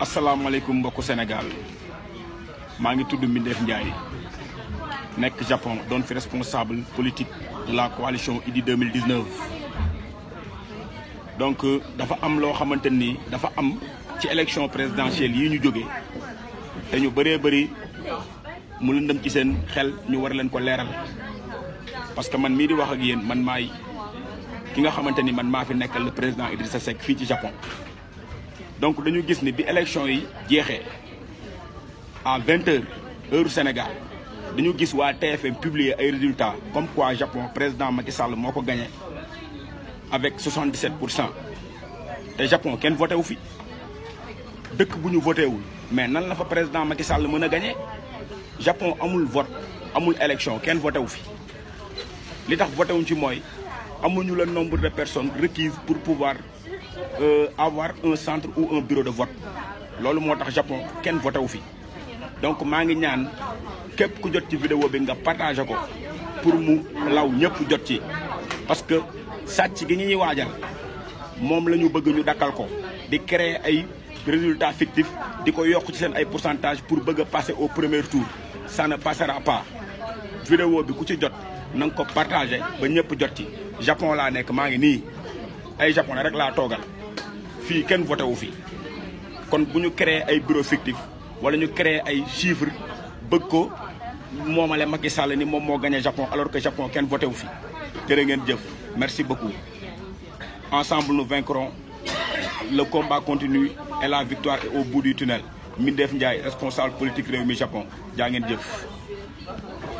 asalaamaaleykum beaucoup Sénégal maa ngi Ndiaye Japon responsable politique de la coalition 2019. donc euh, dafa am lo dafa am ci élection présidentielle yi ñu joggé. te ñu mu ci parce que man di man man le président Idrissa Seck fi Japon donc nous avons ni bi élection yi à en 20 heures au Sénégal nous avons waa TFM publier un résultats comme quoi Japon président Macky Sall a gagné avec 77 Et le Japon a voté wu fi dëkk bu voté mais nan le président Macky Sall a gagné Japon amul vote amul élection a voté wu fi L'État tax voté il ci a le nombre de personnes requises pour pouvoir euh, avoir un centre ou un bureau de vote loolu moo tax Japon ken vote wu fi donc maa ngi ñaan képp ku jot ci vidéo bi nga partagé ko pour mu law ñëpp jot ci parce que sàcc gi ñuy waajal mom la ñu bëgg ñu dakal ko di créer ay résultats fictifs di ko yokk ci seen ay pourcentage pour bëgg passer au premier tour ça ne passera pas vidéo bi ku ci jot nang ko partagé ba ñëpp jot ci Japon la nek maa ngi nii ay japonais rek la togal qui kenn voté wu fi kon bu ñu créer ay bureau fictif wala ñu créer ay chiffres bëgg ko moomale Macky Sall ni moom moo gagné Japon alors que Japon kenn voté wu fi jërë jëf merci beaucoup ensemble nous vaincrons le combat continue et la victoire est au bout du tunnel Mindef Ndiaye responsable politique du Japon jaa ngeen jëf